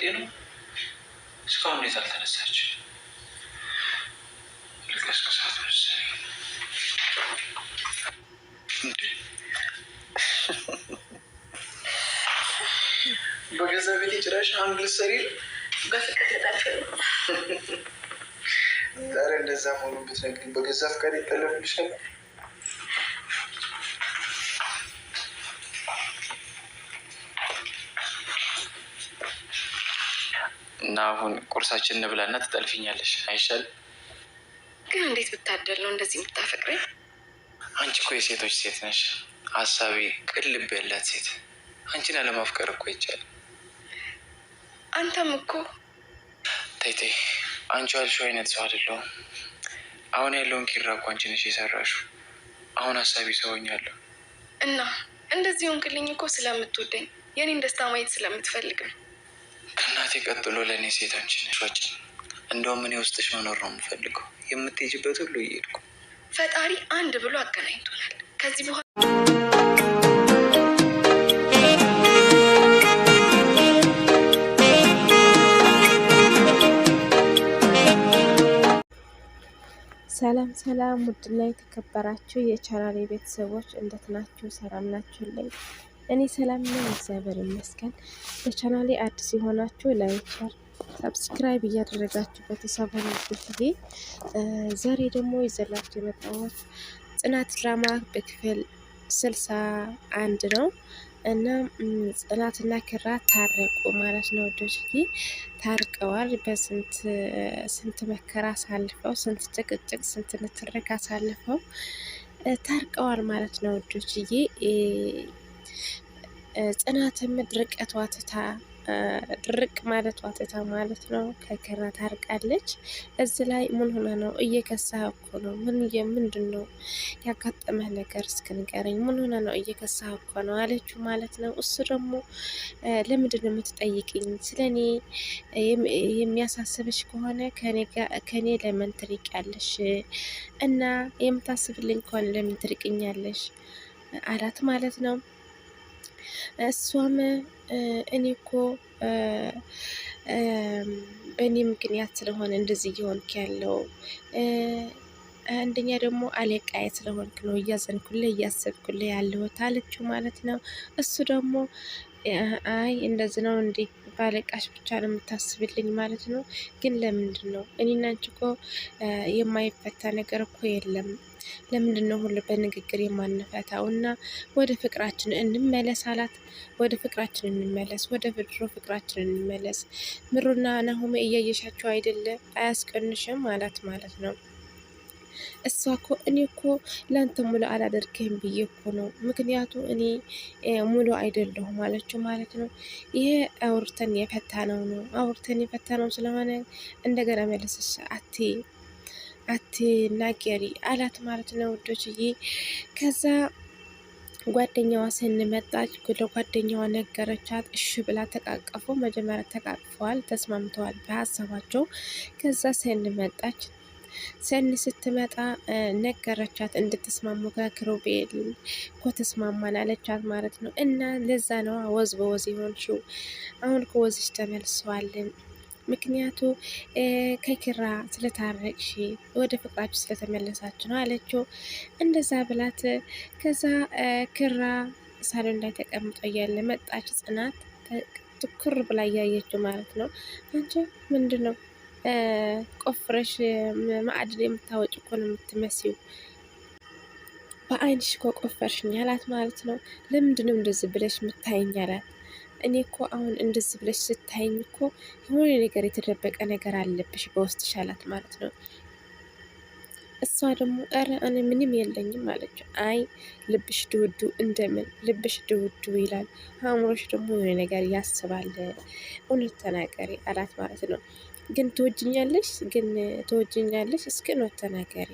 ጥያቄ ነው። እስካሁን ሁኔታ አልተነሳች ልቀስቅሳት መሰለኝ። በገዛ ቤት ጭራሽ አንድ ልትሰሪ ዛሬ እንደዛ መሆኑ ብትነግሪኝ በገዛ ፍቃድ ይጠለፍልሻል። እና አሁን ቁርሳችን እንብላና ትጠልፊኛለሽ አይሻል? ግን እንዴት ብታደል ነው እንደዚህ የምታፈቅረኝ? አንቺ እኮ የሴቶች ሴት ነሽ። ሀሳቢ ቅን ልብ ያላት ሴት አንቺን አለማፍቀር እኮ ይቻል። አንተም እኮ ታይታይ አንቺ ያልሽው አይነት ሰው አይደለሁም። አሁን ያለውን ኪራ እኮ አንቺ ነሽ የሰራሽው። አሁን ሀሳቢ ሰውኛለሁ እና እንደዚህ ሆንክልኝ እኮ ስለምትወደኝ የኔን ደስታ ማየት ስለምትፈልግ ነው። ከእናቴ ቀጥሎ ለእኔ ሴት አንቺ ነሽ። እንደውም እኔ ውስጥሽ መኖር ነው የምፈልገው። የምትሄጂበት ሁሉ እየሄድኩ ፈጣሪ አንድ ብሎ አገናኝቶናል። ከዚህ በኋላ ሰላም ሰላም፣ ውድና የተከበራችሁ የቻናሌ ቤተሰቦች እንዴት ናችሁ? ሰላም ናችሁልኝ? እኔ ሰላም ነኝ፣ እግዚአብሔር ይመስገን። በቻናሌ አዲስ የሆናችሁ ላይክ፣ ሸር፣ ሰብስክራይብ እያደረጋችሁ ቤተሰብ ጊዜ ዛሬ ደግሞ ይዘላችሁ የመጣሁት ጽናት ድራማ በክፍል ስልሳ አንድ ነው እና ጽናትና ክራ ታረቁ ማለት ነው። ወደጅዬ ታርቀዋል። በስንት ስንት መከራ አሳልፈው፣ ስንት ጭቅጭቅ፣ ስንት ንትርክ አሳልፈው ታርቀዋል ማለት ነው። ወደጅዬ ጽናትም ድርቀቷ ትታ ድርቅ ማለት ዋትታ ማለት ነው ከኪራ ታርቃለች። እዚህ ላይ ምን ሆነ ነው እየከሳ እኮ ነው ምን የምንድን ነው ያጋጠመህ ነገር እስክንገረኝ፣ ምን ሆነ ነው እየከሳ እኮ ነው አለችው ማለት ነው። እሱ ደግሞ ለምንድን ነው የምትጠይቅኝ? ስለ እኔ የሚያሳስብሽ ከሆነ ከእኔ ለምን ትርቂያለሽ? እና የምታስብልኝ ከሆነ ለምን ትርቅኛለሽ? አላት ማለት ነው። እሷም እኔ እኮ በእኔ ምክንያት ስለሆነ እንደዚህ እየሆንክ ያለው አንደኛ ደግሞ አለቃዬ ስለሆንክ ነው እያዘንኩልህ እያሰብኩልህ ያለሁት አለችው ማለት ነው። እሱ ደግሞ አይ እንደዚህ ነው እንዴ ባለቃሽ ብቻ ነው የምታስብልኝ ማለት ነው። ግን ለምንድን ነው እኔና አንቺ እኮ የማይፈታ ነገር እኮ የለም። ለምንድን ነው ሁሉ በንግግር የማንፈታው? እና ወደ ፍቅራችን እንመለስ አላት። ወደ ፍቅራችን እንመለስ፣ ወደ ድሮ ፍቅራችን እንመለስ። ምሩና ናሆሜ እያየሻቸው አይደለ? አያስቀንሽም አላት ማለት ነው። እሷ ኮ እኔ እኮ ለአንተ ሙሉ አላደርግህም ብዬ እኮ ነው፣ ምክንያቱ እኔ ሙሉ አይደለሁም አለችው ማለት ነው። ይሄ አውርተን የፈታነው ነው አውርተን የፈታነው ስለሆነ እንደገና መለሰች አት አትናገሪ አላት ማለት ነው ውዶችዬ። ከዛ ጓደኛዋ ስንመጣች ወደ ጓደኛዋ ነገረቻት። እሺ ብላ ተቃቀፉ። መጀመሪያ ተቃቅፈዋል፣ ተስማምተዋል በሀሳባቸው። ከዛ ስንመጣች ሰኒ ስትመጣ ነገረቻት እንድትስማሙ ከክሩቤል ኮተስማማን አለቻት ማለት ነው። እና ለዛ ነዋ ወዝ በወዝ የሆንሽው አሁን ከወዝሽ ተመልሰዋልን። ምክንያቱ ከኪራ ስለታረቅሽ ወደ ፍቅራችሁ ስለተመለሳችሁ ነው አለችው። እንደዛ ብላት ከዛ ኪራ ሳሎን ላይ ተቀምጦ እያለ መጣች ጽናት ትኩር ብላ እያየችው ማለት ነው። አንቺ ምንድን ነው ቆፍረሽ ማዕድን የምታወጭ እኮ ነው የምትመስዩ በአይንሽ እኮ ቆፈርሽኝ አላት ማለት ነው። ለምንድነው እንደዚህ ብለሽ የምታየኝ አላት። እኔ እኮ አሁን እንደዚህ ብለሽ ስታየኝ እኮ የሆነ ነገር የተደበቀ ነገር አለብሽ በውስጥሽ አላት ማለት ነው። እሷ ደግሞ ኧረ እኔ ምንም የለኝም አለችው። አይ ልብሽ ድውዱ እንደምን ልብሽ ድውዱ ይላል፣ አእምሮሽ ደግሞ የሆነ ነገር ያስባል፣ እውነት ተናገሪ አላት ማለት ነው። ግን ትወጅኛለሽ፣ ግን ትወጅኛለሽ፣ እስኪ ነው ተናገሪ።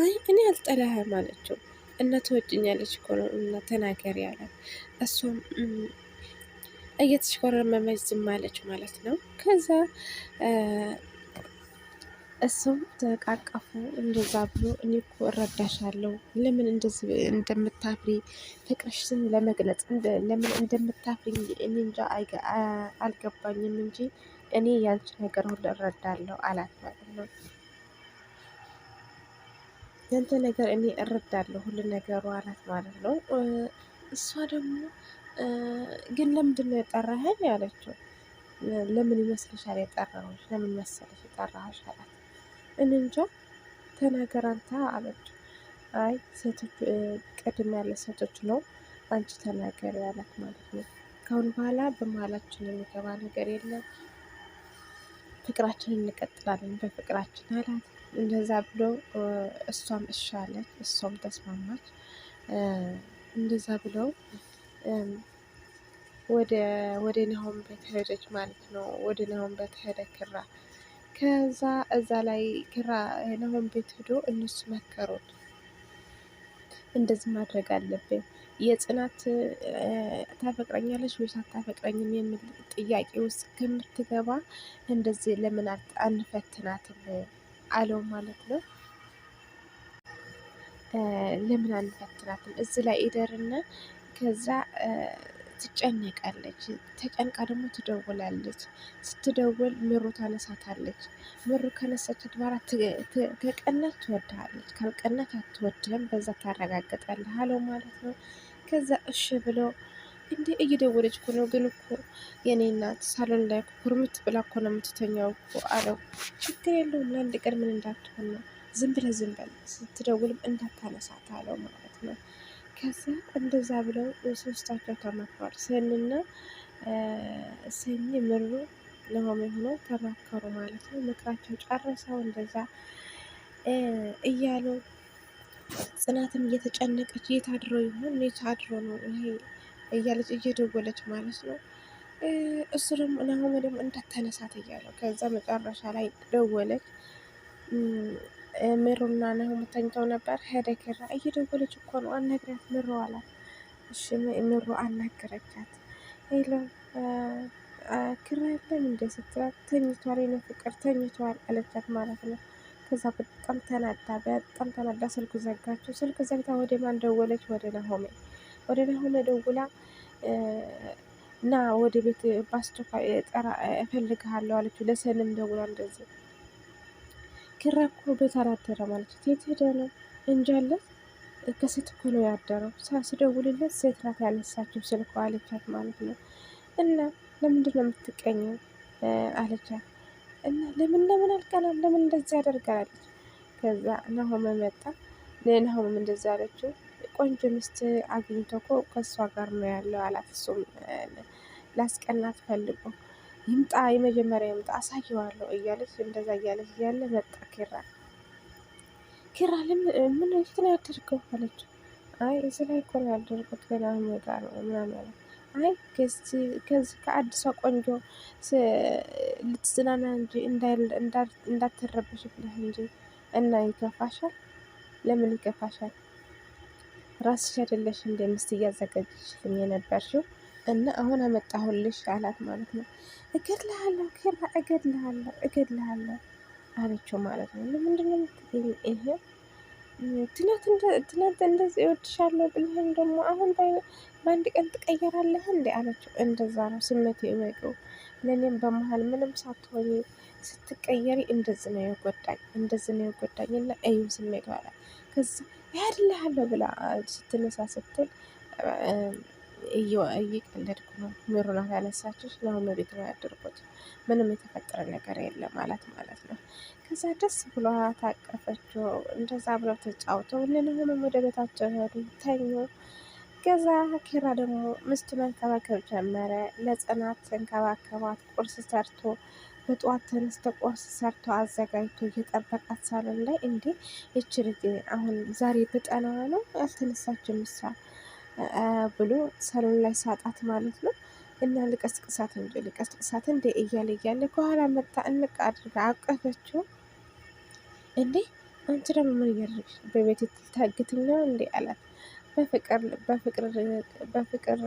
አይ እኔ አልጠላህም አለችው እና ትወጅኛለሽ እኮ ነው እና ተናገሪ አላት። እሷም እየተሽኮረመመች ዝም አለች ማለት ነው። ከዛ እሱም ተቃቀፉ። እንደዛ ብሎ እኔ እኮ እረዳሻለሁ፣ ለምን እንደዚህ እንደምታፍሪ ፍቅርሽን ለመግለጽ ለምን እንደምታፍሪ እኔ እንጃ አልገባኝም እንጂ እኔ ያንቺ ነገር ሁሉ እረዳለሁ አላት ማለት ነው። ያንተ ነገር እኔ እረዳለሁ ሁሉ ነገሩ አላት ማለት ነው። እሷ ደግሞ ግን ለምንድን ነው የጠራኸኝ አለችው። ለምን ይመስልሻል የጠራሁሽ? ለምን መሰለሽ የጠራሁሽ አላት። እኔ እንጃ ተናገር አንተ አለችው። አይ ሴቶች ቅድም ያለ ሴቶች ነው አንቺ ተናገር ያላት ማለት ነው። ከአሁን በኋላ በመሀላችን የሚገባ ነገር የለም ፍቅራችንን እንቀጥላለን በፍቅራችን አላት። እንደዛ ብሎ እሷም እሻለች፣ እሷም ተስማማች። እንደዛ ብለው ወደ ናሆም ቤት ሄደች ማለት ነው። ወደ ናሆም ቤት ሄደ ክራ። ከዛ እዛ ላይ ክራ ናሆም ቤት ሄዶ እነሱ መከሩት እንደዚህ ማድረግ አለብን። የጽናት ታፈቅረኛለች ወይስ አታፈቅረኝም የሚል ጥያቄ ውስጥ ከምትገባ እንደዚህ ለምን አንፈትናትም አለው ማለት ነው። ለምን አንፈትናትም እዚህ ላይ ኢደርና ከዛ ትጨነቃለች። ተጨንቃ ደግሞ ትደውላለች። ስትደውል ምሩ ታነሳታለች። ምሩ ከነሳች በኋላ ከቀናት ትወድሃለች፣ ካልቀናት አትወድህም፣ በዛ ታረጋግጣለህ አለው ማለት ነው። ከዛ እሺ ብሎ እንዴ እየደወለች እኮ ነው ግን እኮ የኔ እናት ሳሎን ላይ ኩርምት ብላ እኮ ነው የምትተኛው እኮ አለው። ችግር የለውም ለአንድ ቀን ምን እንዳትሆን ነው ዝም ብለህ ዝም በል ስትደውልም እንዳታነሳት አለው ማለት ነው። ከዛ እንደዛ ብለው ሶስታቸው ተመክሯል። ሰኒና ሰኒ ምሩ ለሆሜ ሆኖ ተማከሩ ማለት ነው። ምክራቸው ጨረሰው እንደዛ እያሉ ጽናትም እየተጨነቀች የት ይሆን የት ነው ይሄ እያለች እየደወለች ማለት ነው። እሱ ደግሞ ናሆሜ ደግሞ እንዳተነሳት እያለው ከዛ መጨረሻ ላይ ደወለች። ምሩና ናሆም ተኝተው ነበር። ሄደ ኪራ እየደወለች እኮ ነው አናግሪያት ምሩ አላት። እሺ ምሩ አናገረቻት። ሄሎ ኪራ የለም እንደ ስትላት ተኝቷል፣ የኔ ፍቅር ተኝቷል አለቻት ማለት ነው። ከዛ በጣም ተናዳ በጣም ተናዳ ስልክ ዘጋችው። ስልክ ዘግታ ወደ ማን ደወለች? ወደ ናሆሜ ወደ ናሆሜ ደውላ እና ወደ ቤት ባስቸኳይ ጠራ እፈልግሃለሁ አለችው። ለሰንም ደውላ እንደዚህ ኪራ እኮ ቤት አላደረ ማለት የት ሄደ ነው እንጃለት። ከሴት እኮ ነው ያደረው። ሳስደውልለት ሴት ናት ያነሳችው ስልኮ አለቻት ማለት ነው። እና ለምንድን ነው የምትቀኘው አለቻት። እና ለምን ለምን አልቀናም ለምን እንደዚ ያደርጋለች። ከዛ ናሆመ መጣ። ናሆመም እንደዚ አለችው። ቆንጆ ሚስት አግኝቶ እኮ ከእሷ ጋር ነው ያለው አላት። እሱም ላስቀናት ፈልጎ ይምጣ የመጀመሪያ ይምጣ አሳየዋለሁ እያለች እንደዛ እያለች እያለ መጣ ኪራ። ኪራ ምን ፊት ነው ያደርገው አለችው። አይ እዚ ላይ እኮ ነው ያደርጉት ገና ሚወጣ ነው ምናምን አለ። አይ ከዚህ ከአዲሷ ቆንጆ ልትዝናና እንጂ እንዳትረበሽ ብለህ እንጂ እና ይገፋሻል ለምን ይገፋሻል ራስሽ አይደለሽ እንደ ምስት እያዘጋጀሽልኝ የነበርሽው እና አሁን አመጣሁልሽ አላት ማለት ነው። እገድልሃለሁ ኬራ እገድልሃለሁ እገድልሃለሁ አለችው ማለት ነው። ለምንድን ነው የምትገኝ? ይሄ ትናንት እንደዚህ እወድሻለሁ ብልህም ደግሞ አሁን በአንድ ቀን ትቀየራለህ እንዴ አለችው። እንደዛ ነው ስሜት ይወቀው ለእኔም በመሀል ምንም ሳትሆኝ ስትቀየሪ እንደዚህ ነው የጎዳኝ እንደዚህ ነው የጎዳኝ እና እዩ ስሜት ይባላል። ከዛ ያድልሃለሁ ብላ ስትነሳ ስትል እየቀለድኩ ነው። ምሩና ያነሳችው ለሁሉ ቤት ነው ያደርጉት ምንም የተፈጠረ ነገር የለም ማለት ማለት ነው። ከዛ ደስ ብሎ ታቀፈችው። እንደዛ ብለው ተጫውተው ሁሉንም ወደ ቤታቸው ሄዱ፣ ተኙ። ከዛ ኪራ ደግሞ ምስት መንከባከብ ጀመረ። ለጽናት ተንከባከባት። ቁርስ ሰርቶ በጠዋት ተነስተ ቁርስ ሰርቶ አዘጋጅቶ እየጠበቃት ሳሎን ላይ እንዴ ይችልት አሁን ዛሬ ብጠናዋ ነው ያልተነሳችው ምሳ ብሎ ሰሎን ላይ ሳጣት ማለት ነው። እና ልቀስቅሳት እንደ ልቀስቅሳት እንደ እያለ እያለ ከኋላ መጣ። እንቅ አድርጋ አቀፈችው። እንዴ አንቺ ደግሞ ምን እያደረግሽ በቤት ትታግትኝ እንዴ አላት። በፍቅር በፍቅር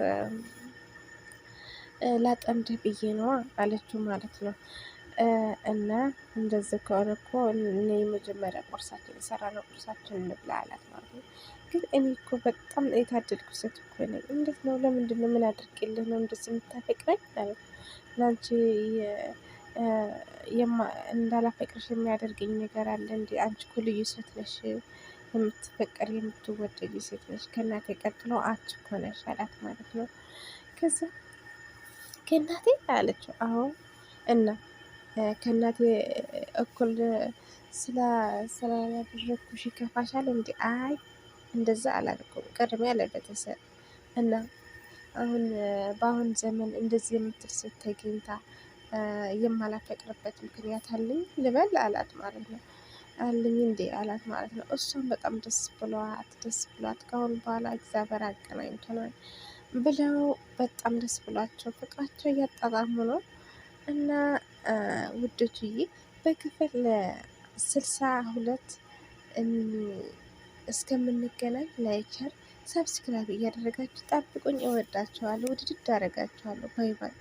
ላጠምድህ ብዬ ነዋ አለችው ማለት ነው። እና እንደዚህ ከሆነ እኮ እኔ የመጀመሪያ ቁርሳችን ነው ቁርሳችን እንብላ አላት ማለት ነው። ግን እኔ እኮ በጣም የታደድኩ ሴት እኮ ነኝ። እንዴት ነው? ለምንድን ነው? ምን አድርጌልህ ነው እንደዚህ የምታፈቅረኝ ማለት ነው? ለአንቺ እንዳላፈቅርሽ የሚያደርገኝ ነገር አለ እንዲ? አንቺ እኮ ልዩ ሴት ነሽ፣ የምትፈቀር የምትወደድ ሴት ነሽ። ከእናቴ ቀጥሎ አንቺ እኮ ነሽ አላት ማለት ነው። ከዛ ከእናቴ አለችው። አሁን እና ከእናቴ እኩል ስላላደረግኩሽ ይከፋሻል እንዲ? አይ እንደዛ አላደርኩም። ቅድሜ ለቤተሰብ እና አሁን በአሁን ዘመን እንደዚህ የምትል ሴት ተገኝታ የማላፈቅርበት ምክንያት አለኝ ልበል አላት ማለት ነው። አለኝ እንዴ አላት ማለት ነው። እሷም በጣም ደስ ብሏት ደስ ብሏት ከአሁን በኋላ እግዚአብሔር አገናኝቶናል ብለው በጣም ደስ ብሏቸው ፍቅራቸው እያጣጣሙ ነው። እና ውዶቹዬ በክፍል ስልሳ ሁለት እስከምንገናኝ ላይቸር ሰብስክራይብ እያደረጋችሁ ጠብቁኝ። እወዳችኋለሁ። ውድድድ አደረጋችኋለሁ። ባይ ባይ።